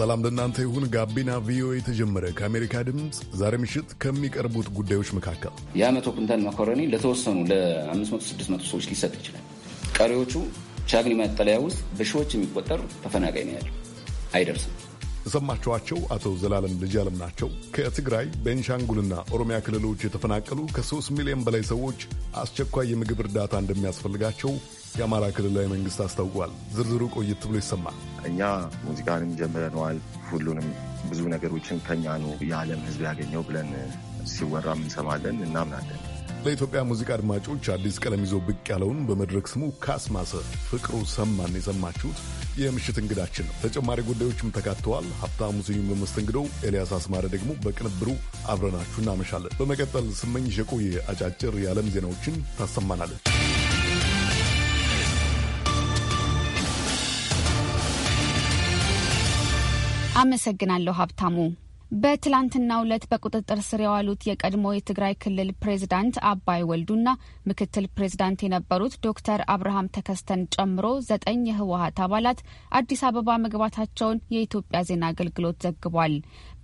ሰላም ለእናንተ ይሁን። ጋቢና ቪኦኤ የተጀመረ ከአሜሪካ ድምፅ ዛሬ ምሽት ከሚቀርቡት ጉዳዮች መካከል የአመቶ መቶ ኩንታል መኮረኒ ለተወሰኑ ለ500 600 ሰዎች ሊሰጥ ይችላል። ቀሪዎቹ ቻግኒ መጠለያ ውስጥ በሺዎች የሚቆጠር ተፈናቃይ ነው ያለው አይደርስም። የሰማችኋቸው አቶ ዘላለም ልጅ አለም ናቸው። ከትግራይ ቤንሻንጉልና ኦሮሚያ ክልሎች የተፈናቀሉ ከሶስት ሚሊዮን በላይ ሰዎች አስቸኳይ የምግብ እርዳታ እንደሚያስፈልጋቸው የአማራ ክልላዊ መንግስት አስታውቋል። ዝርዝሩ ቆየት ብሎ ይሰማል። እኛ ሙዚቃንም ጀምረነዋል። ሁሉንም ብዙ ነገሮችን ከኛ ነው የዓለም ህዝብ ያገኘው ብለን ሲወራ እንሰማለን፣ እናምናለን ለኢትዮጵያ ሙዚቃ አድማጮች አዲስ ቀለም ይዞ ብቅ ያለውን በመድረክ ስሙ ካስማሰ ፍቅሩ ሰማን የሰማችሁት የምሽት እንግዳችን ነው። ተጨማሪ ጉዳዮችም ተካተዋል። ሀብታሙ ስዩም በመስተንግዶው፣ ኤልያስ አስማረ ደግሞ በቅንብሩ አብረናችሁ እናመሻለን። በመቀጠል ስመኝሽ የቆየ አጫጭር የዓለም ዜናዎችን ታሰማናለች። አመሰግናለሁ ሀብታሙ። በትላንትናው ዕለት በቁጥጥር ስር የዋሉት የቀድሞ የትግራይ ክልል ፕሬዝዳንት አባይ ወልዱና ምክትል ፕሬዝዳንት የነበሩት ዶክተር አብርሃም ተከስተን ጨምሮ ዘጠኝ የህወሀት አባላት አዲስ አበባ መግባታቸውን የኢትዮጵያ ዜና አገልግሎት ዘግቧል።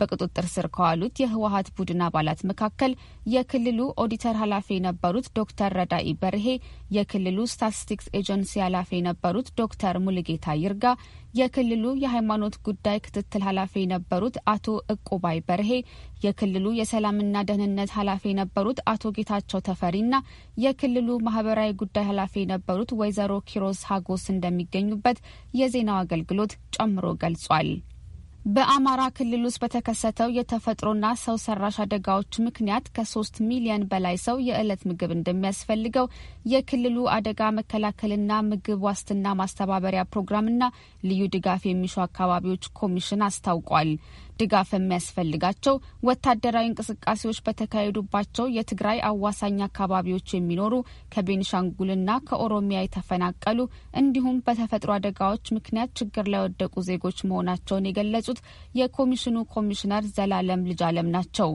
በቁጥጥር ስር ከዋሉት የህወሀት ቡድን አባላት መካከል የክልሉ ኦዲተር ኃላፊ የነበሩት ዶክተር ረዳኢ በርሄ፣ የክልሉ ስታቲስቲክስ ኤጀንሲ ኃላፊ የነበሩት ዶክተር ሙልጌታ ይርጋ፣ የክልሉ የሃይማኖት ጉዳይ ክትትል ኃላፊ የነበሩት አቶ እቁባይ በርሄ፣ የክልሉ የሰላምና ደህንነት ኃላፊ የነበሩት አቶ ጌታቸው ተፈሪና የክልሉ ማህበራዊ ጉዳይ ኃላፊ የነበሩት ወይዘሮ ኪሮስ ሀጎስ እንደሚገኙበት የዜናው አገልግሎት ጨምሮ ገልጿል። በአማራ ክልል ውስጥ በተከሰተው የተፈጥሮና ሰው ሰራሽ አደጋዎች ምክንያት ከሶስት ሚሊየን በላይ ሰው የዕለት ምግብ እንደሚያስፈልገው የክልሉ አደጋ መከላከልና ምግብ ዋስትና ማስተባበሪያ ፕሮግራምና ልዩ ድጋፍ የሚሹ አካባቢዎች ኮሚሽን አስታውቋል። ድጋፍ የሚያስፈልጋቸው ወታደራዊ እንቅስቃሴዎች በተካሄዱባቸው የትግራይ አዋሳኝ አካባቢዎች የሚኖሩ ከቤኒሻንጉልና ከኦሮሚያ የተፈናቀሉ እንዲሁም በተፈጥሮ አደጋዎች ምክንያት ችግር ላይ ወደቁ ዜጎች መሆናቸውን የገለጹት የኮሚሽኑ ኮሚሽነር ዘላለም ልጅ አለም ናቸው።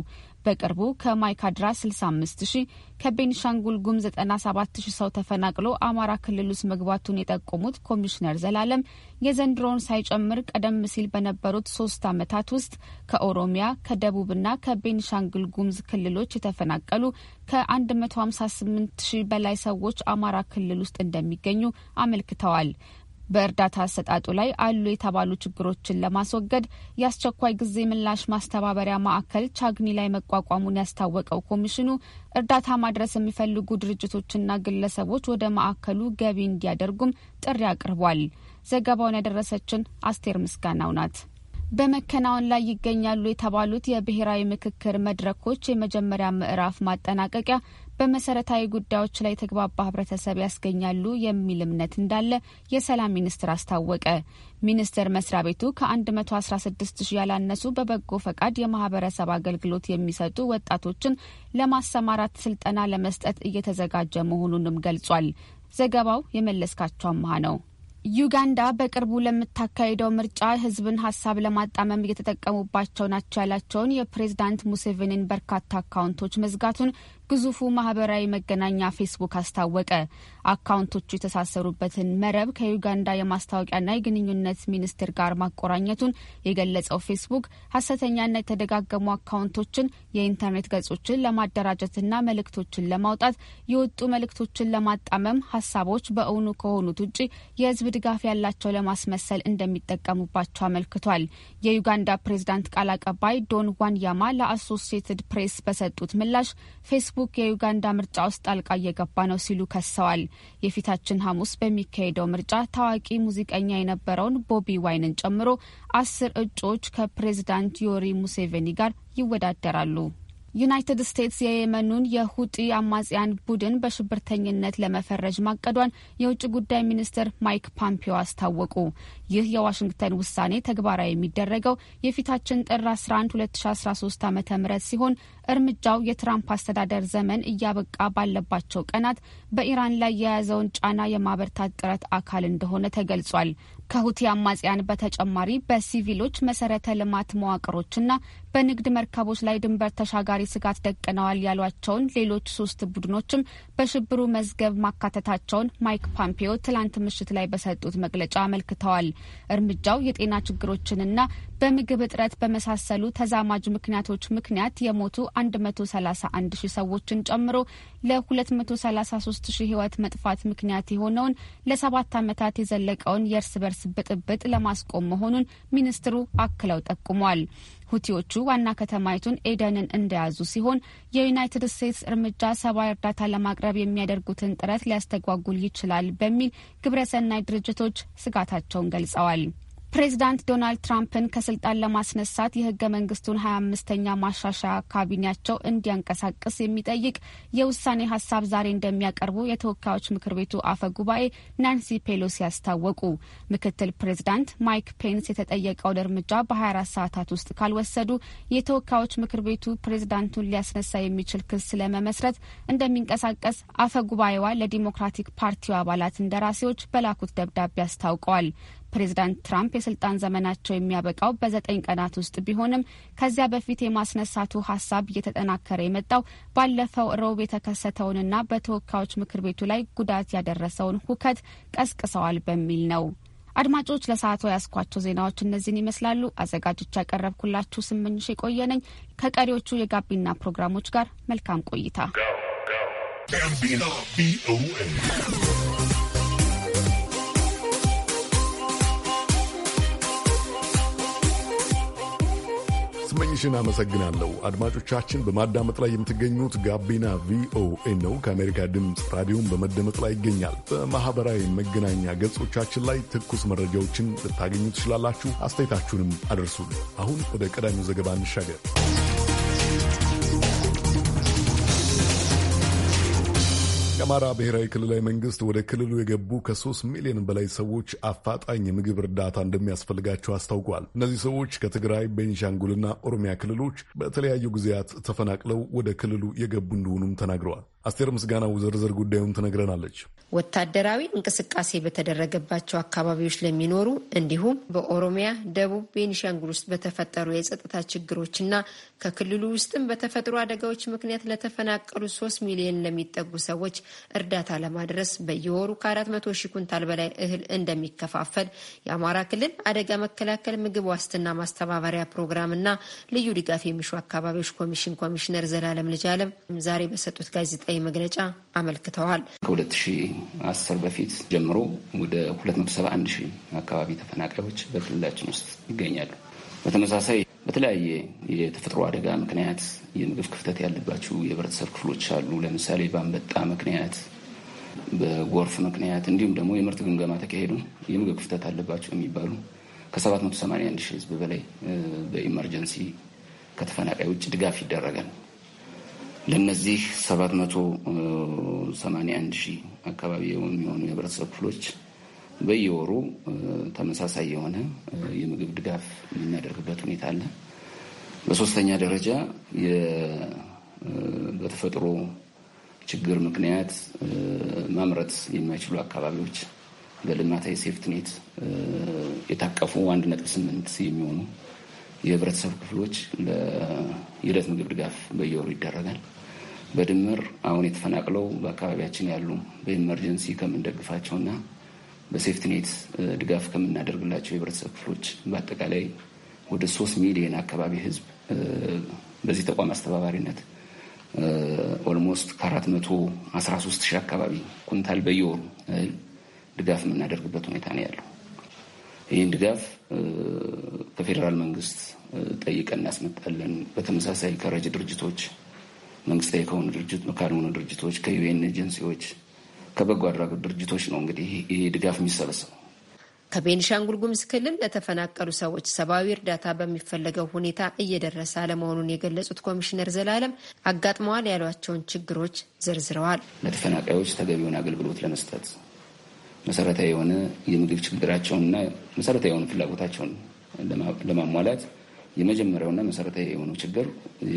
በቅርቡ ከማይካድራ 65 ሺህ ከቤንሻንጉል ጉም 97 ሺህ ሰው ተፈናቅሎ አማራ ክልል ውስጥ መግባቱን የጠቆሙት ኮሚሽነር ዘላለም የዘንድሮውን ሳይጨምር ቀደም ሲል በነበሩት ሶስት ዓመታት ውስጥ ከኦሮሚያ ከደቡብና ከቤንሻንጉል ጉምዝ ክልሎች የተፈናቀሉ ከ158 ሺህ በላይ ሰዎች አማራ ክልል ውስጥ እንደሚገኙ አመልክተዋል። በእርዳታ አሰጣጡ ላይ አሉ የተባሉ ችግሮችን ለማስወገድ የአስቸኳይ ጊዜ ምላሽ ማስተባበሪያ ማዕከል ቻግኒ ላይ መቋቋሙን ያስታወቀው ኮሚሽኑ እርዳታ ማድረስ የሚፈልጉ ድርጅቶችና ግለሰቦች ወደ ማዕከሉ ገቢ እንዲያደርጉም ጥሪ አቅርቧል። ዘገባውን ያደረሰችን አስቴር ምስጋናው ናት። በመከናወን ላይ ይገኛሉ የተባሉት የብሔራዊ ምክክር መድረኮች የመጀመሪያ ምዕራፍ ማጠናቀቂያ በመሰረታዊ ጉዳዮች ላይ የተግባባ ህብረተሰብ ያስገኛሉ የሚል እምነት እንዳለ የሰላም ሚኒስትር አስታወቀ። ሚኒስቴር መስሪያ ቤቱ ከ116 ሺህ ያላነሱ በበጎ ፈቃድ የማህበረሰብ አገልግሎት የሚሰጡ ወጣቶችን ለማሰማራት ስልጠና ለመስጠት እየተዘጋጀ መሆኑንም ገልጿል። ዘገባው የመለስካቸው አምሃ ነው። ዩጋንዳ በቅርቡ ለምታካሄደው ምርጫ ህዝብን ሀሳብ ለማጣመም እየተጠቀሙባቸው ናቸው ያላቸውን የፕሬዝዳንት ሙሴቬኒን በርካታ አካውንቶች መዝጋቱን ግዙፉ ማህበራዊ መገናኛ ፌስቡክ አስታወቀ። አካውንቶቹ የተሳሰሩበትን መረብ ከዩጋንዳ የማስታወቂያና የግንኙነት ሚኒስቴር ጋር ማቆራኘቱን የገለጸው ፌስቡክ ሀሰተኛና የተደጋገሙ አካውንቶችን፣ የኢንተርኔት ገጾችን ለማደራጀትና መልእክቶችን ለማውጣት የወጡ መልእክቶችን ለማጣመም ሀሳቦች በእውኑ ከሆኑት ውጭ የህዝብ ድጋፍ ያላቸው ለማስመሰል እንደሚጠቀሙባቸው አመልክቷል። የዩጋንዳ ፕሬዝዳንት ቃል አቀባይ ዶን ዋንያማ ለአሶሲየትድ ፕሬስ በሰጡት ምላሽ ፌስቡክ ፌስቡክ የዩጋንዳ ምርጫ ውስጥ ጣልቃ እየገባ ነው ሲሉ ከሰዋል። የፊታችን ሐሙስ በሚካሄደው ምርጫ ታዋቂ ሙዚቀኛ የነበረውን ቦቢ ዋይንን ጨምሮ አስር እጩዎች ከፕሬዝዳንት ዮሪ ሙሴቬኒ ጋር ይወዳደራሉ። ዩናይትድ ስቴትስ የየመኑን የሁጢ አማጽያን ቡድን በሽብርተኝነት ለመፈረጅ ማቀዷን የውጭ ጉዳይ ሚኒስትር ማይክ ፖምፒዮ አስታወቁ። ይህ የዋሽንግተን ውሳኔ ተግባራዊ የሚደረገው የፊታችን ጥር 11 2013 ዓ ም ሲሆን እርምጃው የትራምፕ አስተዳደር ዘመን እያበቃ ባለባቸው ቀናት በኢራን ላይ የያዘውን ጫና የማበርታት ጥረት አካል እንደሆነ ተገልጿል። ከሁቲ አማጽያን በተጨማሪ በሲቪሎች መሰረተ ልማት መዋቅሮችና በንግድ መርከቦች ላይ ድንበር ተሻጋሪ ስጋት ደቅነዋል ያሏቸውን ሌሎች ሶስት ቡድኖችም በሽብሩ መዝገብ ማካተታቸውን ማይክ ፓምፒዮ ትላንት ምሽት ላይ በሰጡት መግለጫ አመልክተዋል። እርምጃው የጤና ችግሮችንና በምግብ እጥረት በመሳሰሉ ተዛማጅ ምክንያቶች ምክንያት የሞቱ 131 ሺህ ሰዎችን ጨምሮ ለ233 ሺህ ሕይወት መጥፋት ምክንያት የሆነውን ለሰባት ዓመታት የዘለቀውን የእርስ በርስ ብጥብጥ ለማስቆም መሆኑን ሚኒስትሩ አክለው ጠቁሟል። ሁቲዎቹ ዋና ከተማይቱን ኤደንን እንደያዙ ሲሆን የዩናይትድ ስቴትስ እርምጃ ሰብአዊ እርዳታ ለማቅረብ የሚያደርጉትን ጥረት ሊያስተጓጉል ይችላል በሚል ግብረሰናይ ድርጅቶች ስጋታቸውን ገልጸዋል። ፕሬዚዳንት ዶናልድ ትራምፕን ከስልጣን ለማስነሳት የህገ መንግስቱን ሀያ አምስተኛ ማሻሻያ ካቢኔያቸው እንዲያንቀሳቅስ የሚጠይቅ የውሳኔ ሀሳብ ዛሬ እንደሚያቀርቡ የተወካዮች ምክር ቤቱ አፈ ጉባኤ ናንሲ ፔሎሲ ያስታወቁ ምክትል ፕሬዚዳንት ማይክ ፔንስ የተጠየቀውን እርምጃ በ24 ሰዓታት ውስጥ ካልወሰዱ የተወካዮች ምክር ቤቱ ፕሬዚዳንቱን ሊያስነሳ የሚችል ክስ ለመመስረት እንደሚንቀሳቀስ አፈ ጉባኤዋ ለዲሞክራቲክ ፓርቲው አባላት እንደራሴዎች በላኩት ደብዳቤ አስታውቀዋል። ፕሬዚዳንት ትራምፕ የስልጣን ዘመናቸው የሚያበቃው በዘጠኝ ቀናት ውስጥ ቢሆንም ከዚያ በፊት የማስነሳቱ ሀሳብ እየተጠናከረ የመጣው ባለፈው ሮብ የተከሰተውንና በተወካዮች ምክር ቤቱ ላይ ጉዳት ያደረሰውን ሁከት ቀስቅሰዋል በሚል ነው። አድማጮች ለሰዓቱ ያስኳቸው ዜናዎች እነዚህን ይመስላሉ። አዘጋጆች ያቀረብኩላችሁ ስምንሽ የቆየ ነኝ። ከቀሪዎቹ የጋቢና ፕሮግራሞች ጋር መልካም ቆይታ። ስመኝሽን አመሰግናለሁ። አድማጮቻችን በማዳመጥ ላይ የምትገኙት ጋቢና ቪኦኤ ነው፣ ከአሜሪካ ድምፅ ራዲዮን በመደመጥ ላይ ይገኛል። በማህበራዊ መገናኛ ገጾቻችን ላይ ትኩስ መረጃዎችን ልታገኙ ትችላላችሁ። አስተያየታችሁንም አደርሱን። አሁን ወደ ቀዳሚው ዘገባ እንሻገር። የአማራ ብሔራዊ ክልላዊ መንግስት ወደ ክልሉ የገቡ ከሶስት ሚሊዮን በላይ ሰዎች አፋጣኝ የምግብ እርዳታ እንደሚያስፈልጋቸው አስታውቋል። እነዚህ ሰዎች ከትግራይ፣ ቤንሻንጉልና ኦሮሚያ ክልሎች በተለያዩ ጊዜያት ተፈናቅለው ወደ ክልሉ የገቡ እንደሆኑም ተናግረዋል። አስቴር ምስጋናው ዝርዝር ጉዳዩን ትነግረናለች። ወታደራዊ እንቅስቃሴ በተደረገባቸው አካባቢዎች ለሚኖሩ እንዲሁም በኦሮሚያ፣ ደቡብ፣ ቤኒሻንጉል ውስጥ በተፈጠሩ የጸጥታ ችግሮችና ከክልሉ ውስጥም በተፈጥሮ አደጋዎች ምክንያት ለተፈናቀሉ ሶስት ሚሊዮን ለሚጠጉ ሰዎች እርዳታ ለማድረስ በየወሩ ከአራት መቶ ሺህ ኩንታል በላይ እህል እንደሚከፋፈል የአማራ ክልል አደጋ መከላከል ምግብ ዋስትና ማስተባበሪያ ፕሮግራምና ልዩ ድጋፍ የሚሹ አካባቢዎች ኮሚሽን ኮሚሽነር ዘላለም ልጅ አለም ዛሬ በሰጡት ጋዜጣ ጋዜጣዊ መግለጫ አመልክተዋል። ከ2010 በፊት ጀምሮ ወደ 271 ሺህ አካባቢ ተፈናቃዮች በክልላችን ውስጥ ይገኛሉ። በተመሳሳይ በተለያየ የተፈጥሮ አደጋ ምክንያት የምግብ ክፍተት ያለባቸው የህብረተሰብ ክፍሎች አሉ። ለምሳሌ በአንበጣ ምክንያት፣ በጎርፍ ምክንያት እንዲሁም ደግሞ የምርት ግምገማ ተካሄዱ የምግብ ክፍተት አለባቸው የሚባሉ ከ781 ሺህ ህዝብ በላይ በኢመርጀንሲ ከተፈናቃይ ውጭ ድጋፍ ይደረጋል። ለእነዚህ 781 ሺህ አካባቢ የሚሆኑ የህብረተሰብ ክፍሎች በየወሩ ተመሳሳይ የሆነ የምግብ ድጋፍ የምናደርግበት ሁኔታ አለ። በሶስተኛ ደረጃ በተፈጥሮ ችግር ምክንያት ማምረት የማይችሉ አካባቢዎች በልማታዊ ሴፍትኔት የታቀፉ 1.8 የሚሆኑ የህብረተሰብ ክፍሎች ለሂደት ምግብ ድጋፍ በየወሩ ይደረጋል። በድምር አሁን የተፈናቅለው በአካባቢያችን ያሉ በኤመርጀንሲ ከምንደግፋቸውና በሴፍትኔት ድጋፍ ከምናደርግላቸው የህብረተሰብ ክፍሎች በአጠቃላይ ወደ ሶስት ሚሊዮን አካባቢ ህዝብ በዚህ ተቋም አስተባባሪነት ኦልሞስት ከ413 ሺህ አካባቢ ኩንታል በየወሩ ድጋፍ የምናደርግበት ሁኔታ ነው ያለው። ይህን ድጋፍ ከፌዴራል መንግስት ጠይቀን እናስመጣለን። በተመሳሳይ ከረጅ ድርጅቶች፣ መንግስታዊ ከሆኑ ድርጅት፣ ካልሆኑ ድርጅቶች፣ ከዩኤን ኤጀንሲዎች፣ ከበጎ አድራጎት ድርጅቶች ነው እንግዲህ ይህ ድጋፍ የሚሰበሰበው። ከቤንሻንጉል ጉምዝ ክልል ለተፈናቀሉ ሰዎች ሰብአዊ እርዳታ በሚፈለገው ሁኔታ እየደረሰ አለመሆኑን የገለጹት ኮሚሽነር ዘላለም አጋጥመዋል ያሏቸውን ችግሮች ዘርዝረዋል። ለተፈናቃዮች ተገቢውን አገልግሎት ለመስጠት መሰረታዊ የሆነ የምግብ ችግራቸውንና መሰረታዊ የሆኑ ፍላጎታቸውን ለማሟላት የመጀመሪያውና መሰረታዊ የሆነው ችግር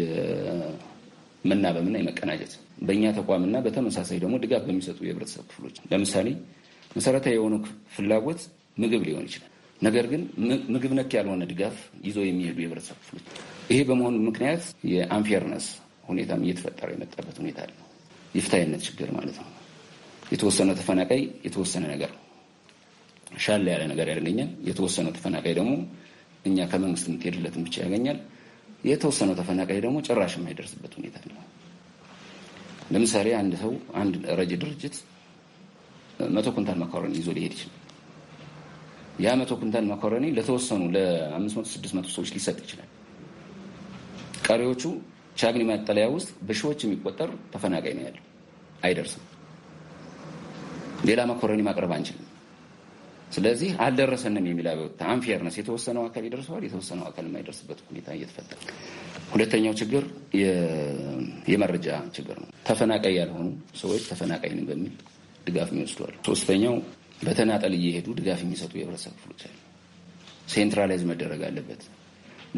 የመናበብና የመቀናጀት በእኛ ተቋምና በተመሳሳይ ደግሞ ድጋፍ በሚሰጡ የህብረተሰብ ክፍሎች ለምሳሌ መሰረታዊ የሆኑ ፍላጎት ምግብ ሊሆን ይችላል። ነገር ግን ምግብ ነክ ያልሆነ ድጋፍ ይዞ የሚሄዱ የህብረተሰብ ክፍሎች ይሄ በመሆኑ ምክንያት የአንፌርነስ ሁኔታም እየተፈጠረ የመጣበት ሁኔታ አለ። የፍትሃዊነት ችግር ማለት ነው። የተወሰነው ተፈናቃይ የተወሰነ ነገር ሻል ያለ ነገር ያገኛል። የተወሰነው ተፈናቃይ ደግሞ እኛ ከመንግስት የምትሄድለትን ብቻ ያገኛል። የተወሰነው ተፈናቃይ ደግሞ ጭራሽ የማይደርስበት ሁኔታ ነው። ለምሳሌ አንድ ሰው አንድ ረጅ ድርጅት መቶ ኩንታል መኮረኒ ይዞ ሊሄድ ይችላል። ያ መቶ ኩንታል መኮረኒ ለተወሰኑ ለአምስት መቶ ስድስት መቶ ሰዎች ሊሰጥ ይችላል። ቀሪዎቹ ቻግኒ ማጠለያ ውስጥ በሺዎች የሚቆጠር ተፈናቃይ ነው ያለው፣ አይደርስም። ሌላ መኮረኒ ማቅረብ አንችልም። ስለዚህ አልደረሰንም የሚል አቤቱታ አንፌርነስ፣ የተወሰነው አካል ይደርሰዋል፣ የተወሰነው አካል የማይደርስበት ሁኔታ እየተፈጠረ። ሁለተኛው ችግር የመረጃ ችግር ነው። ተፈናቃይ ያልሆኑ ሰዎች ተፈናቃይ ነን በሚል ድጋፍ የሚወስዷል። ሶስተኛው በተናጠል እየሄዱ ድጋፍ የሚሰጡ የህብረተሰብ ክፍሎች አሉ። ሴንትራላይዝ መደረግ አለበት።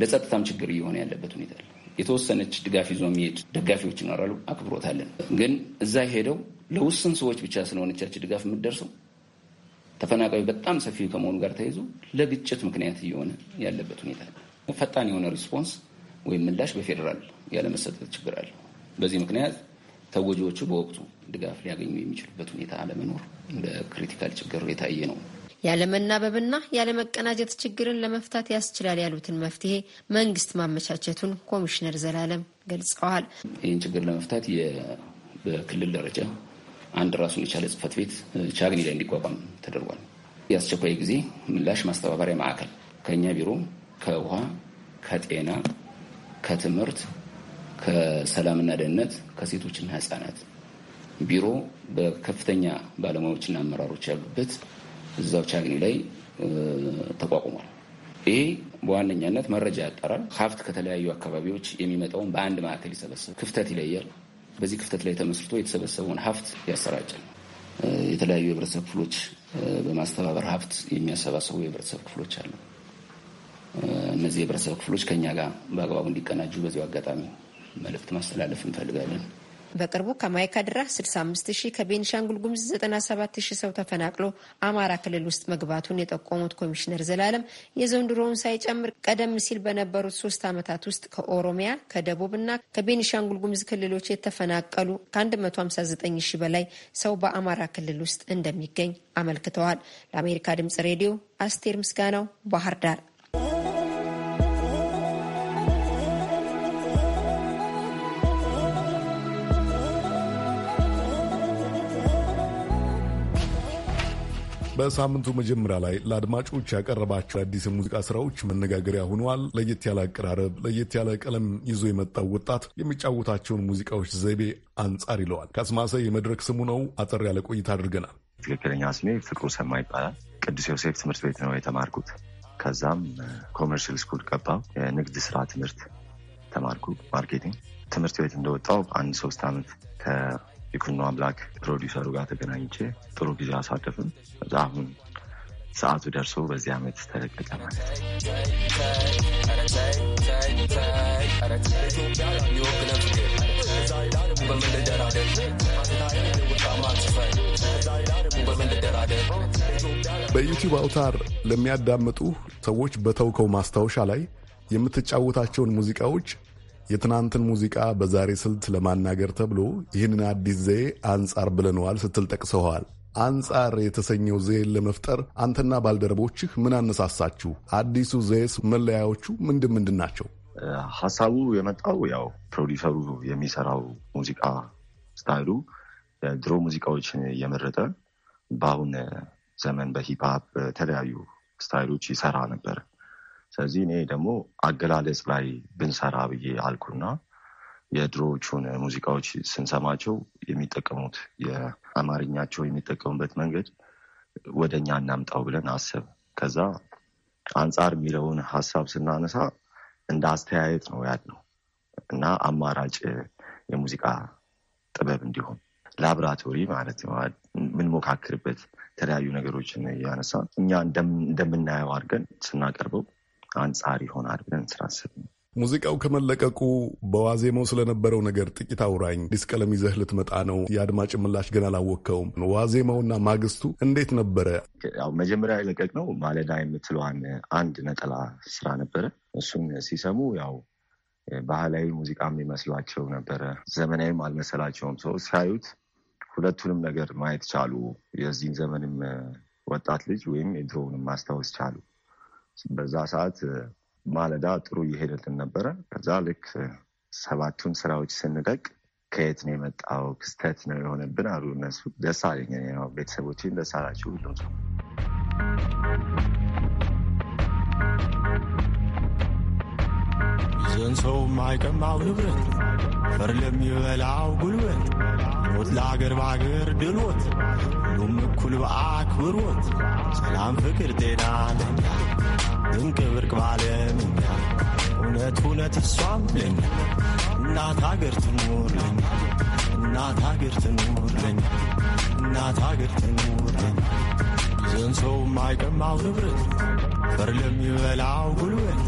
ለጸጥታም ችግር እየሆነ ያለበት ሁኔታ አለ። የተወሰነች ድጋፍ ይዞ የሚሄድ ደጋፊዎች ይኖራሉ፣ አክብሮት ግን እዛ ሄደው ለውስን ሰዎች ብቻ ስለሆነቻች ድጋፍ የምትደርሰው ተፈናቃዩ በጣም ሰፊ ከመሆኑ ጋር ተይዞ ለግጭት ምክንያት እየሆነ ያለበት ሁኔታ ፈጣን የሆነ ሪስፖንስ ወይም ምላሽ በፌዴራል ያለመሰጠት ችግር አለ። በዚህ ምክንያት ተጎጂዎቹ በወቅቱ ድጋፍ ሊያገኙ የሚችሉበት ሁኔታ አለመኖር እንደ ክሪቲካል ችግር የታየ ነው። ያለመናበብና ያለመቀናጀት ችግርን ለመፍታት ያስችላል ያሉትን መፍትሄ መንግስት ማመቻቸቱን ኮሚሽነር ዘላለም ገልጸዋል። ይህን ችግር ለመፍታት በክልል ደረጃ አንድ ራሱን የቻለ ጽህፈት ቤት ቻግኒ ላይ እንዲቋቋም ተደርጓል። የአስቸኳይ ጊዜ ምላሽ ማስተባበሪያ ማዕከል ከእኛ ቢሮ ከውሃ፣ ከጤና፣ ከትምህርት፣ ከሰላምና ደህንነት፣ ከሴቶችና ህጻናት ቢሮ በከፍተኛ ባለሙያዎችና አመራሮች ያሉበት እዛው ቻግኒ ላይ ተቋቁሟል። ይሄ በዋነኛነት መረጃ ያጠራል። ሀብት ከተለያዩ አካባቢዎች የሚመጣውን በአንድ ማዕከል ይሰበስብ፣ ክፍተት ይለያል። በዚህ ክፍተት ላይ ተመስርቶ የተሰበሰበውን ሀብት ያሰራጫል። የተለያዩ የህብረተሰብ ክፍሎች በማስተባበር ሀብት የሚያሰባስቡ የህብረተሰብ ክፍሎች አሉ። እነዚህ የህብረተሰብ ክፍሎች ከኛ ጋር በአግባቡ እንዲቀናጁ በዚሁ አጋጣሚ መልእክት ማስተላለፍ እንፈልጋለን። በቅርቡ ከማይካድራ 65 ሺህ ከቤኒሻንጉል ጉሙዝ 97 ሺህ ሰው ተፈናቅሎ አማራ ክልል ውስጥ መግባቱን የጠቆሙት ኮሚሽነር ዘላለም የዘንድሮውን ሳይጨምር ቀደም ሲል በነበሩት ሶስት ዓመታት ውስጥ ከኦሮሚያ ከደቡብ እና ከቤኒሻንጉል ጉሙዝ ክልሎች የተፈናቀሉ ከ159 ሺህ በላይ ሰው በአማራ ክልል ውስጥ እንደሚገኝ አመልክተዋል። ለአሜሪካ ድምጽ ሬዲዮ አስቴር ምስጋናው ባህር ዳር በሳምንቱ መጀመሪያ ላይ ለአድማጮች ያቀረባቸው አዲስ የሙዚቃ ስራዎች መነጋገሪያ ሆነዋል። ለየት ያለ አቀራረብ፣ ለየት ያለ ቀለም ይዞ የመጣው ወጣት የሚጫወታቸውን ሙዚቃዎች ዘይቤ አንጻር ይለዋል። ከስማሰ የመድረክ ስሙ ነው። አጠር ያለ ቆይታ አድርገናል። ትክክለኛ ስሜ ፍቅሩ ሰማ ይባላል። ቅዱስ ዮሴፍ ትምህርት ቤት ነው የተማርኩት። ከዛም ኮመርሽል ስኩል ቀባ የንግድ ስራ ትምህርት ተማርኩ፣ ማርኬቲንግ ትምህርት ቤት እንደወጣው አንድ ሶስት ዓመት የኩኖ አምላክ ፕሮዲሰሩ ጋር ተገናኝቼ ጥሩ ጊዜ አሳደፍም። እዛ አሁን ሰዓቱ ደርሶ በዚህ ዓመት ተለቀቀ ማለት በዩቲዩብ አውታር ለሚያዳምጡ ሰዎች በተውከው ማስታወሻ ላይ የምትጫወታቸውን ሙዚቃዎች የትናንትን ሙዚቃ በዛሬ ስልት ለማናገር ተብሎ ይህንን አዲስ ዘዬ አንጻር ብለነዋል ስትል ጠቅሰዋል። አንጻር የተሰኘው ዘዬን ለመፍጠር አንተና ባልደረቦችህ ምን አነሳሳችሁ? አዲሱ ዘዬስ መለያዎቹ ምንድን ምንድን ናቸው? ሀሳቡ የመጣው ያው ፕሮዲሰሩ የሚሰራው ሙዚቃ ስታይሉ የድሮ ሙዚቃዎችን እየመረጠ በአሁን ዘመን በሂፕሀፕ በተለያዩ ስታይሎች ይሰራ ነበር ስለዚህ እኔ ደግሞ አገላለጽ ላይ ብንሰራ ብዬ አልኩና የድሮዎቹን ሙዚቃዎች ስንሰማቸው የሚጠቀሙት የአማርኛቸው የሚጠቀሙበት መንገድ ወደ እኛ እናምጣው ብለን አስብ። ከዛ አንጻር የሚለውን ሀሳብ ስናነሳ እንደ አስተያየት ነው ያልነው እና አማራጭ የሙዚቃ ጥበብ እንዲሆን ላብራቶሪ ማለት ነው የምንሞካክርበት የተለያዩ ነገሮችን እያነሳ እኛ እንደምናየው አድርገን ስናቀርበው አንጻር ይሆናል ብለን ስላሰብን ነው። ሙዚቃው ከመለቀቁ በዋዜማው ስለነበረው ነገር ጥቂት አውራኝ። ዲስ ቀለም ይዘህ ልትመጣ ነው፣ የአድማጭ ምላሽ ግን አላወቅከውም። ዋዜማውና ማግስቱ እንዴት ነበረ? ያው መጀመሪያ የለቀቅነው ማለዳ የምትለዋን አንድ ነጠላ ስራ ነበረ። እሱን ሲሰሙ ያው ባህላዊ ሙዚቃ የሚመስሏቸው ነበረ፣ ዘመናዊም አልመሰላቸውም። ሰው ሲያዩት ሁለቱንም ነገር ማየት ቻሉ። የዚህን ዘመንም ወጣት ልጅ ወይም የድሮውንም ማስታወስ ቻሉ። በዛ ሰዓት ማለዳ ጥሩ እየሄደልን ነበረ። ከዛ ልክ ሰባቱን ስራዎች ስንለቅ ከየት ነው የመጣው ክስተት ነው የሆነብን አሉ እነሱ። ደስ አለኝ ቤተሰቦችን ደስ አላችሁ ሁሉም ሰው ዘን ሰው ማይቀማው ንብረት ፈር ለሚበላው ጉልበት ሞት ለአገር በአገር ድሎት ሁሉም በኩል በአክብሮት ሰላም፣ ፍቅር፣ ጤና ለኛ ድንቅ ብርቅ ባለም እውነት እውነት እሷም ለኛ እናት ሀገር ትኑር ለኛ እናት ሀገር ትኑር ለኛ እናት ሀገር ትኑር ለኛ ይዘን ሰው ማይቀማው ንብረት በር ለሚበላው ጉልበት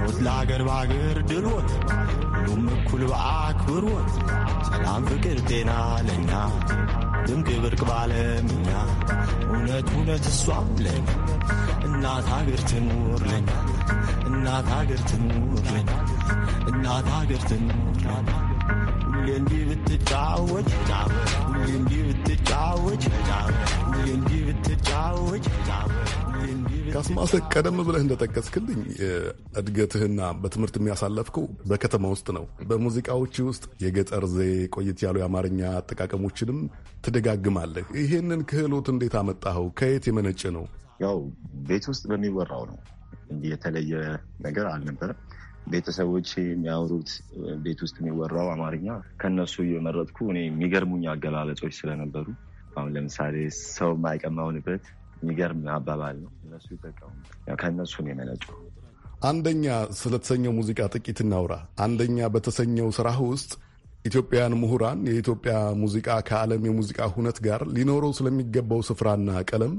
ሞት ለአገር በአገር ድሎት ሁሉም እኩል በአክብሮት ሰላም፣ ፍቅር፣ ጤና ለኛ ድንቅ ብርቅ ባለምኛ እውነት እውነት እሷም ለኛ እናት ሀገር ትኑር ለኛ እናት ሀገር ትኑር ለኛ እናት ሀገር ትኑር ለኛ ሁሌ እንዲህ ብትጫወች ሁሌ እንዲህ ብትጫወች ሁሌ እንዲህ ብትጫወች ካስማሰቅ ቀደም ብለህ እንደጠቀስክልኝ እድገትህና በትምህርት የሚያሳለፍከው በከተማ ውስጥ ነው። በሙዚቃዎች ውስጥ የገጠር ዘዬ ቆየት ያሉ የአማርኛ አጠቃቀሞችንም ትደጋግማለህ። ይሄንን ክህሎት እንዴት አመጣኸው? ከየት የመነጨ ነው? ያው ቤት ውስጥ በሚወራው ነው። የተለየ ነገር አልነበረም። ቤተሰቦች የሚያወሩት ቤት ውስጥ የሚወራው አማርኛ ከነሱ እየመረጥኩ እኔ የሚገርሙኝ አገላለጾች ስለነበሩ አሁን ለምሳሌ ሰው የማይቀማውንበት የሚገርም አባባል ነው። እነሱ ይጠቀሙ ከእነሱ ነው የመነጨው። አንደኛ ስለተሰኘው ሙዚቃ ጥቂት እናውራ። አንደኛ በተሰኘው ስራህ ውስጥ ኢትዮጵያውያን ምሁራን የኢትዮጵያ ሙዚቃ ከዓለም የሙዚቃ ሁነት ጋር ሊኖረው ስለሚገባው ስፍራና ቀለም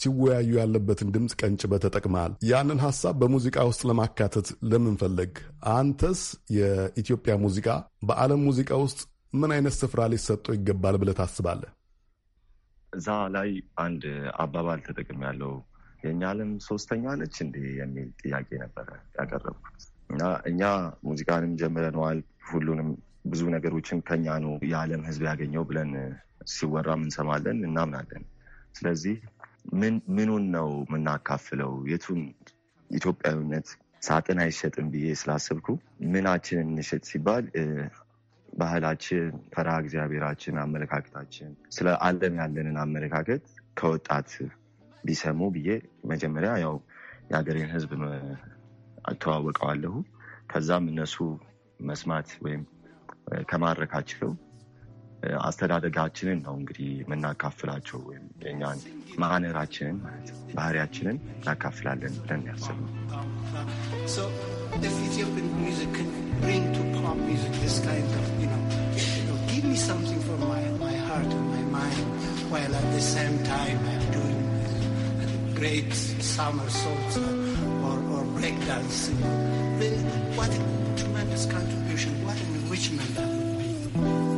ሲወያዩ ያለበትን ድምፅ ቀንጭበህ ተጠቅመሃል። ያንን ሀሳብ በሙዚቃ ውስጥ ለማካተት ለምን ፈለግ? አንተስ የኢትዮጵያ ሙዚቃ በዓለም ሙዚቃ ውስጥ ምን አይነት ስፍራ ሊሰጠው ይገባል ብለህ ታስባለህ? እዛ ላይ አንድ አባባል ተጠቅም ያለው የእኛ ዓለም ሶስተኛ ነች እንዴ የሚል ጥያቄ ነበረ ያቀረብኩት እና እኛ ሙዚቃንም ጀምረነዋል። ሁሉንም ብዙ ነገሮችን ከኛ ነው የዓለም ህዝብ ያገኘው ብለን ሲወራም እንሰማለን፣ እናምናለን። ስለዚህ ምኑን ነው የምናካፍለው? የቱን ኢትዮጵያዊነት ሳጥን አይሸጥም ብዬ ስላስብኩ ምናችን እንሸጥ ሲባል ባህላችን፣ ፈሪሃ እግዚአብሔራችን፣ አመለካከታችን ስለ ዓለም ያለንን አመለካከት ከወጣት ቢሰሙ ብዬ መጀመሪያ ያው የሀገሬን ሕዝብ አተዋወቀዋለሁ። ከዛም እነሱ መስማት ወይም ከማድረካቸው አስተዳደጋችንን ነው እንግዲህ የምናካፍላቸው ወይም የእኛን ማዕነራችንን ማለት ባህሪያችንን እናካፍላለን ብለን ያሰብነው። bring to pop music this kind of, you know, you know give me something from my, my heart and my mind, while at the same time I'm doing great somersaults or, or breakdance. You know. Really, what a tremendous contribution, what an enrichment that would be.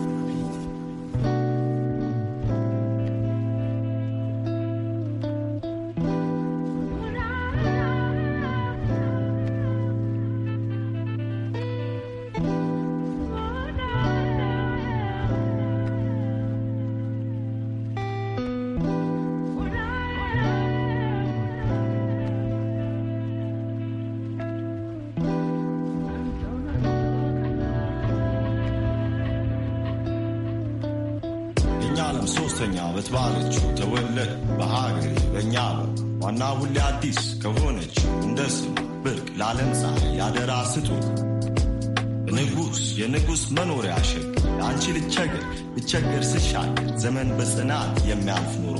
መኖሪያ ሸግ አንቺ ልቸገር ልቸገር ስሻል ዘመን በጽናት የሚያልፍ ኑሮ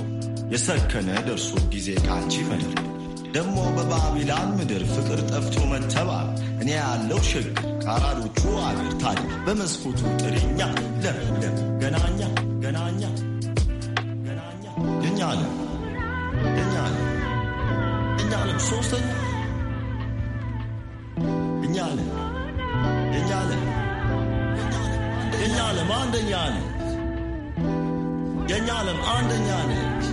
የሰከነ ደርሶ ጊዜ ከአንቺ ፈንር ደግሞ በባቢላን ምድር ፍቅር ጠፍቶ መተባል እኔ ያለው ሸግ ከአራዶቹ አገር ታዲያ በመስኮቱ ጥሪኛ ለምለም ገናኛ ገናኛ ገናኛ ድኛለም ድኛለም ድኛለም ሶስተኛ አንደኛ ነች። የእኛ ዓለም አንደኛ ነች።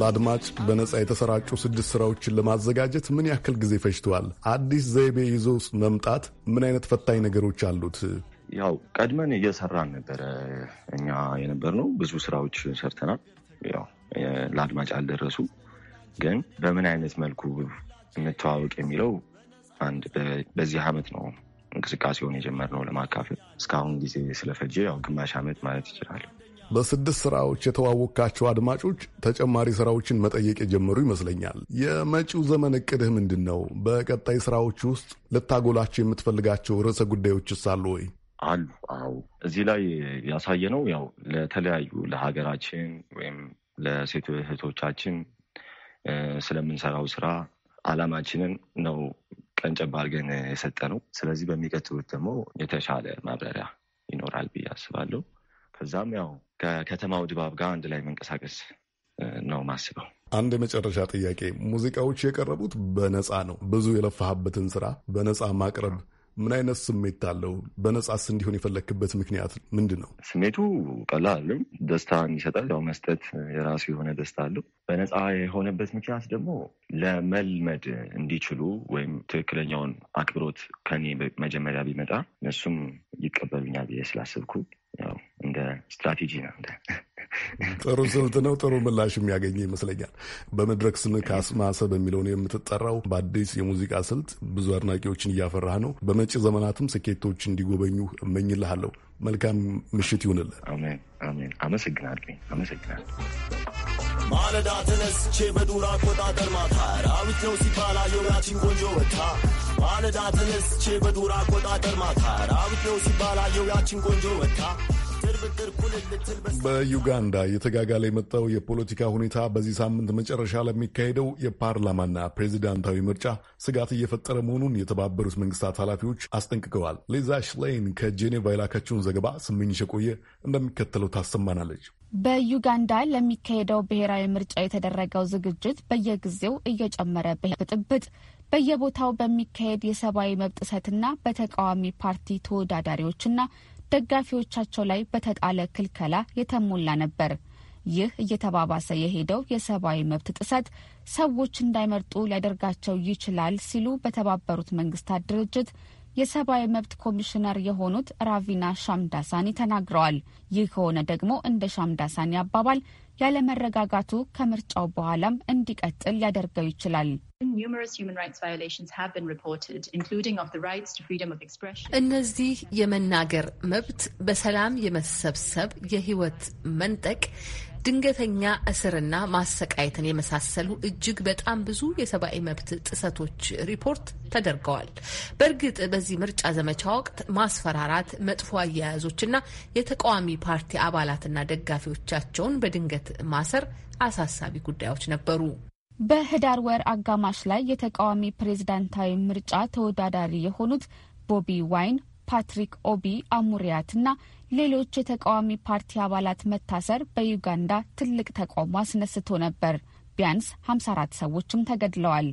ለአድማጭ በነጻ የተሰራጩ ስድስት ስራዎችን ለማዘጋጀት ምን ያክል ጊዜ ፈጅተዋል? አዲስ ዘይቤ ይዞ መምጣት ምን አይነት ፈታኝ ነገሮች አሉት? ያው ቀድመን እየሰራን ነበረ እኛ የነበር ነው። ብዙ ስራዎች ሰርተናል። ያው ለአድማጭ አልደረሱ። ግን በምን አይነት መልኩ እንተዋወቅ የሚለው አንድ በዚህ አመት ነው እንቅስቃሴውን የጀመርነው ለማካፈል እስካሁን ጊዜ ስለፈጀ ያው ግማሽ ዓመት ማለት ይችላል። በስድስት ስራዎች የተዋወቅካቸው አድማጮች ተጨማሪ ስራዎችን መጠየቅ የጀመሩ ይመስለኛል። የመጪው ዘመን እቅድህ ምንድን ነው? በቀጣይ ስራዎች ውስጥ ልታጎላቸው የምትፈልጋቸው ርዕሰ ጉዳዮችስ አሉ ወይ? አሉ። አዎ፣ እዚህ ላይ ያሳየ ነው ያው ለተለያዩ ለሀገራችን ወይም ለሴት እህቶቻችን ስለምንሰራው ስራ አላማችንን ነው ቀንጨባ አድርገን የሰጠ ነው። ስለዚህ በሚቀጥሉት ደግሞ የተሻለ ማብራሪያ ይኖራል ብዬ አስባለሁ። ከዛም ያው ከከተማው ድባብ ጋር አንድ ላይ መንቀሳቀስ ነው ማስበው። አንድ የመጨረሻ ጥያቄ፣ ሙዚቃዎች የቀረቡት በነፃ ነው። ብዙ የለፋህበትን ስራ በነፃ ማቅረብ ምን አይነት ስሜት አለው? በነጻስ እንዲሆን የፈለክበት ምክንያት ምንድን ነው? ስሜቱ ቀላልም ደስታን ይሰጣል። ያው መስጠት የራሱ የሆነ ደስታ አለው። በነፃ የሆነበት ምክንያት ደግሞ ለመልመድ እንዲችሉ ወይም ትክክለኛውን አክብሮት ከኔ መጀመሪያ ቢመጣ እነሱም ይቀበሉኛል ብዬ ስላስብኩ ያው እንደ ስትራቴጂ ነው። ጥሩ ስልት ነው። ጥሩ ምላሽ የሚያገኘ ይመስለኛል። በመድረክ ስም ካስማሰ በሚለው ነው የምትጠራው። በአዲስ የሙዚቃ ስልት ብዙ አድናቂዎችን እያፈራህ ነው። በመጪ ዘመናትም ስኬቶች እንዲጎበኙ እመኝልሃለሁ። መልካም ምሽት ይሁንልህ። አሜን ማለዳ ተነስቼ በዱር አቆጣጠር ማታ ራዊት ነው ሲባል አየውያችን ቆንጆ ወታ ማለዳ ተነስቼ በዱር አቆጣጠር ማታ ነው ሲባል አየውያችን ቆንጆ ወታ በዩጋንዳ እየተጋጋለ የመጣው የፖለቲካ ሁኔታ በዚህ ሳምንት መጨረሻ ለሚካሄደው የፓርላማና ፕሬዚዳንታዊ ምርጫ ስጋት እየፈጠረ መሆኑን የተባበሩት መንግስታት ኃላፊዎች አስጠንቅቀዋል። ሊዛ ሽላይን ከጄኔቫ የላከችውን ዘገባ ስምኝሽ የቆየ እንደሚከተለው ታሰማናለች። በዩጋንዳ ለሚካሄደው ብሔራዊ ምርጫ የተደረገው ዝግጅት በየጊዜው እየጨመረ ብጥብጥ በየቦታው በሚካሄድ የሰብአዊ መብት ጥሰትና በተቃዋሚ ፓርቲ ተወዳዳሪዎችና ደጋፊዎቻቸው ላይ በተጣለ ክልከላ የተሞላ ነበር። ይህ እየተባባሰ የሄደው የሰብአዊ መብት ጥሰት ሰዎች እንዳይመርጡ ሊያደርጋቸው ይችላል ሲሉ በተባበሩት መንግስታት ድርጅት የሰብአዊ መብት ኮሚሽነር የሆኑት ራቪና ሻምዳሳኒ ተናግረዋል። ይህ ከሆነ ደግሞ እንደ ሻምዳሳኒ አባባል ያለመረጋጋቱ ከምርጫው በኋላም እንዲቀጥል ሊያደርገው ይችላል። እነዚህ የመናገር መብት፣ በሰላም የመሰብሰብ፣ የህይወት መንጠቅ፣ ድንገተኛ እስርና ማሰቃየትን የመሳሰሉ እጅግ በጣም ብዙ የሰብአዊ መብት ጥሰቶች ሪፖርት ተደርገዋል። በእርግጥ በዚህ ምርጫ ዘመቻ ወቅት ማስፈራራት፣ መጥፎ አያያዞችና የተቃዋሚ ፓርቲ አባላትና ደጋፊዎቻቸውን በድንገት ማሰር አሳሳቢ ጉዳዮች ነበሩ። በህዳር ወር አጋማሽ ላይ የተቃዋሚ ፕሬዝዳንታዊ ምርጫ ተወዳዳሪ የሆኑት ቦቢ ዋይን፣ ፓትሪክ ኦቢ አሙሪያት ሌሎች የተቃዋሚ ፓርቲ አባላት መታሰር በዩጋንዳ ትልቅ ተቃውሞ አስነስቶ ነበር። ቢያንስ 54 ሰዎችም ተገድለዋል።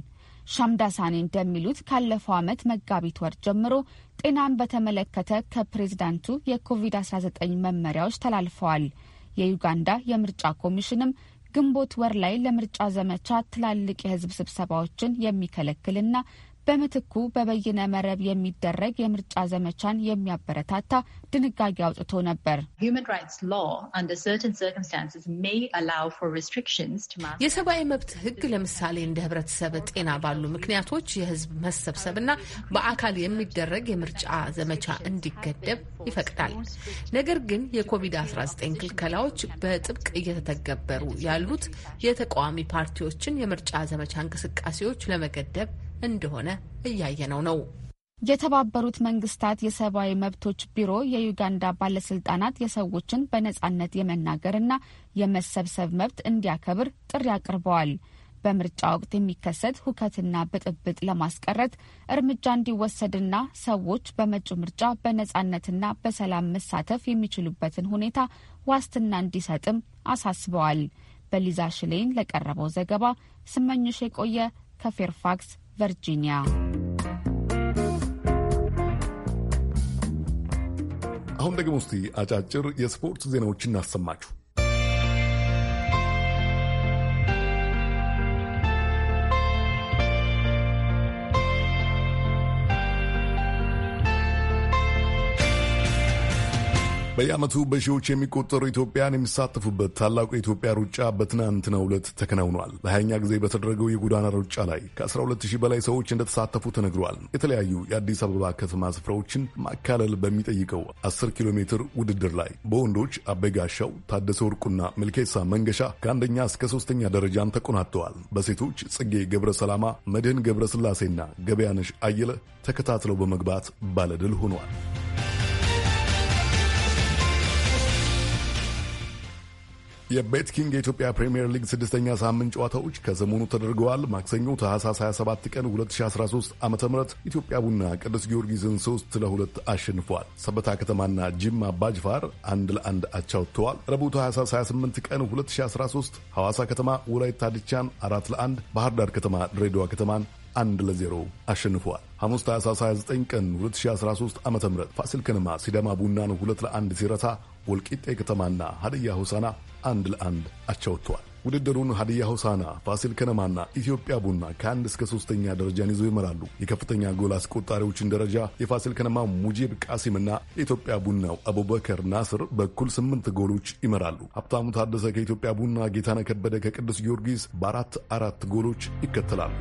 ሻምዳሳኔ እንደሚሉት ካለፈው ዓመት መጋቢት ወር ጀምሮ ጤናን በተመለከተ ከፕሬዝዳንቱ የኮቪድ-19 መመሪያዎች ተላልፈዋል። የዩጋንዳ የምርጫ ኮሚሽንም ግንቦት ወር ላይ ለምርጫ ዘመቻ ትላልቅ የህዝብ ስብሰባዎችን የሚከለክልና በምትኩ በበይነ መረብ የሚደረግ የምርጫ ዘመቻን የሚያበረታታ ድንጋጌ አውጥቶ ነበር። የሰብአዊ መብት ሕግ ለምሳሌ እንደ ህብረተሰብ ጤና ባሉ ምክንያቶች የህዝብ መሰብሰብና በአካል የሚደረግ የምርጫ ዘመቻ እንዲገደብ ይፈቅዳል። ነገር ግን የኮቪድ-19 ክልከላዎች በጥብቅ እየተተገበሩ ያሉት የተቃዋሚ ፓርቲዎችን የምርጫ ዘመቻ እንቅስቃሴዎች ለመገደብ እንደሆነ እያየነው ነው። የተባበሩት መንግስታት የሰብአዊ መብቶች ቢሮ የዩጋንዳ ባለስልጣናት የሰዎችን በነጻነት የመናገርና የመሰብሰብ መብት እንዲያከብር ጥሪ አቅርበዋል። በምርጫ ወቅት የሚከሰት ሁከትና ብጥብጥ ለማስቀረት እርምጃ እንዲወሰድና ሰዎች በመጪው ምርጫ በነጻነትና በሰላም መሳተፍ የሚችሉበትን ሁኔታ ዋስትና እንዲሰጥም አሳስበዋል። በሊዛ ሽሌን ለቀረበው ዘገባ ስመኝሽ የቆየ ከፌርፋክስ ቨርጂኒያ። አሁን ደግሞ እስቲ አጫጭር የስፖርት ዜናዎችን እናሰማችሁ። በየዓመቱ በሺዎች የሚቆጠሩ ኢትዮጵያን የሚሳተፉበት ታላቁ የኢትዮጵያ ሩጫ በትናንትናው ዕለት ተከናውኗል። ለሀያኛ ጊዜ በተደረገው የጎዳና ሩጫ ላይ ከ12000 በላይ ሰዎች እንደተሳተፉ ተነግሯል። የተለያዩ የአዲስ አበባ ከተማ ስፍራዎችን ማካለል በሚጠይቀው 10 ኪሎ ሜትር ውድድር ላይ በወንዶች አበይ ጋሻው፣ ታደሰ ወርቁና ምልኬሳ መንገሻ ከአንደኛ እስከ ሶስተኛ ደረጃን ተቆናጥተዋል። በሴቶች ጽጌ ገብረ ሰላማ፣ መድህን ገብረ ስላሴና ገበያነሽ አየለ ተከታትለው በመግባት ባለድል ሆነዋል። የቤት ኪንግ የኢትዮጵያ ፕሪምየር ሊግ ስድስተኛ ሳምንት ጨዋታዎች ከሰሞኑ ተደርገዋል። ማክሰኞ ታህሳስ 27 ቀን 2013 ዓ ም ኢትዮጵያ ቡና ቅዱስ ጊዮርጊስን 3 ለ2 አሸንፏል። ሰበታ ከተማና ጅማ አባጅፋር አንድ ለአንድ አቻ ወጥተዋል። ረቡዕ ታህሳስ 28 ቀን 2013 ሐዋሳ ከተማ ወላይታ ድቻን አራት ለአንድ፣ ባህር ዳር ከተማ ድሬዳዋ ከተማን አንድ ለዜሮ አሸንፏል። ሐሙስ ታህሳስ 29 ቀን 2013 ዓ ም ፋሲል ከነማ ሲዳማ ቡናን ሁለት ለአንድ ሲረታ ወልቂጤ ከተማና ሀድያ ሆሳና አንድ ለአንድ አቻውተዋል። ውድድሩን ሀዲያ ሆሳና፣ ፋሲል ከነማና ኢትዮጵያ ቡና ከአንድ እስከ ሶስተኛ ደረጃን ይዘው ይመራሉ። የከፍተኛ ጎል አስቆጣሪዎችን ደረጃ የፋሲል ከነማ ሙጂብ ቃሲምና የኢትዮጵያ ቡናው አቡበከር ናስር በኩል ስምንት ጎሎች ይመራሉ። ሀብታሙ ታደሰ ከኢትዮጵያ ቡና፣ ጌታነ ከበደ ከቅዱስ ጊዮርጊስ በአራት አራት ጎሎች ይከተላሉ።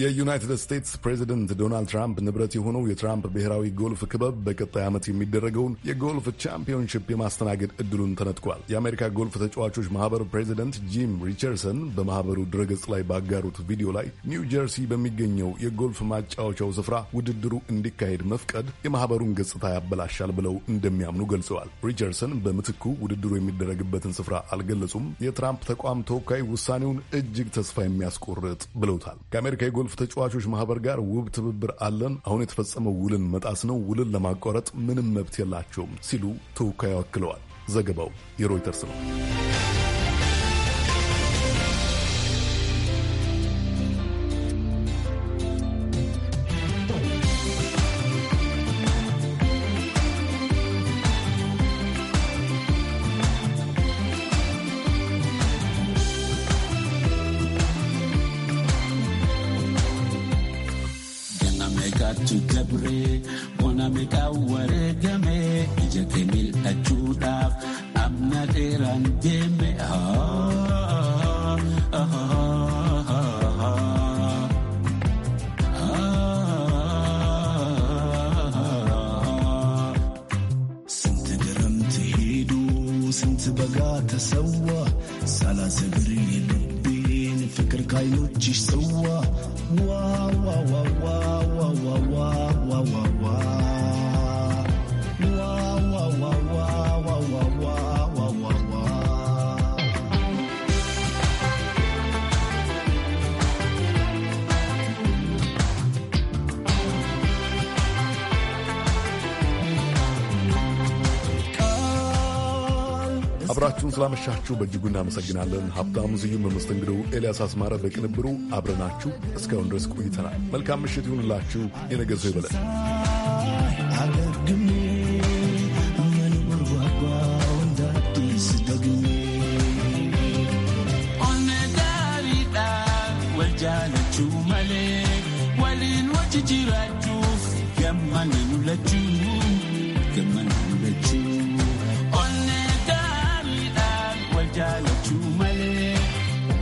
የዩናይትድ ስቴትስ ፕሬዚደንት ዶናልድ ትራምፕ ንብረት የሆነው የትራምፕ ብሔራዊ ጎልፍ ክበብ በቀጣይ ዓመት የሚደረገውን የጎልፍ ቻምፒዮንሺፕ የማስተናገድ እድሉን ተነጥቋል። የአሜሪካ ጎልፍ ተጫዋቾች ማህበር ፕሬዚደንት ጂም ሪቸርሰን በማህበሩ ድረገጽ ላይ ባጋሩት ቪዲዮ ላይ ኒው ጀርሲ በሚገኘው የጎልፍ ማጫወቻው ስፍራ ውድድሩ እንዲካሄድ መፍቀድ የማህበሩን ገጽታ ያበላሻል ብለው እንደሚያምኑ ገልጸዋል። ሪቸርሰን በምትኩ ውድድሩ የሚደረግበትን ስፍራ አልገለጹም። የትራምፕ ተቋም ተወካይ ውሳኔውን እጅግ ተስፋ የሚያስቆርጥ ብለውታል። ከአሜሪካ የጎልፍ የጎልፍ ተጫዋቾች ማህበር ጋር ውብ ትብብር አለን። አሁን የተፈጸመው ውልን መጣስ ነው። ውልን ለማቋረጥ ምንም መብት የላቸውም ሲሉ ተወካዩ አክለዋል። ዘገባው የሮይተርስ ነው። ስንት ድረም ትሄዱ ስንት በጋ ተሰዋ ሳላሰብር የልቤን ፍቅር ካይኖችሽ ሰዋ ዋ ዋ ዋ ዋ ዋ ዋ ዋ ዋ ዋ አብራችሁን ስላመሻችሁ በእጅጉ እናመሰግናለን። ሀብታሙ ስዩም በመስተንግዶው፣ ኤልያስ አስማረ በቅንብሩ አብረናችሁ እስካሁን ድረስ ቆይተናል። መልካም ምሽት ይሁንላችሁ። የነገ ሰው ይበለን። Jirajuuf, yamma jaalachuu malee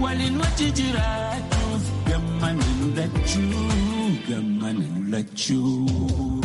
waliin wajji jiraachuuf gammanin lachuu gammanin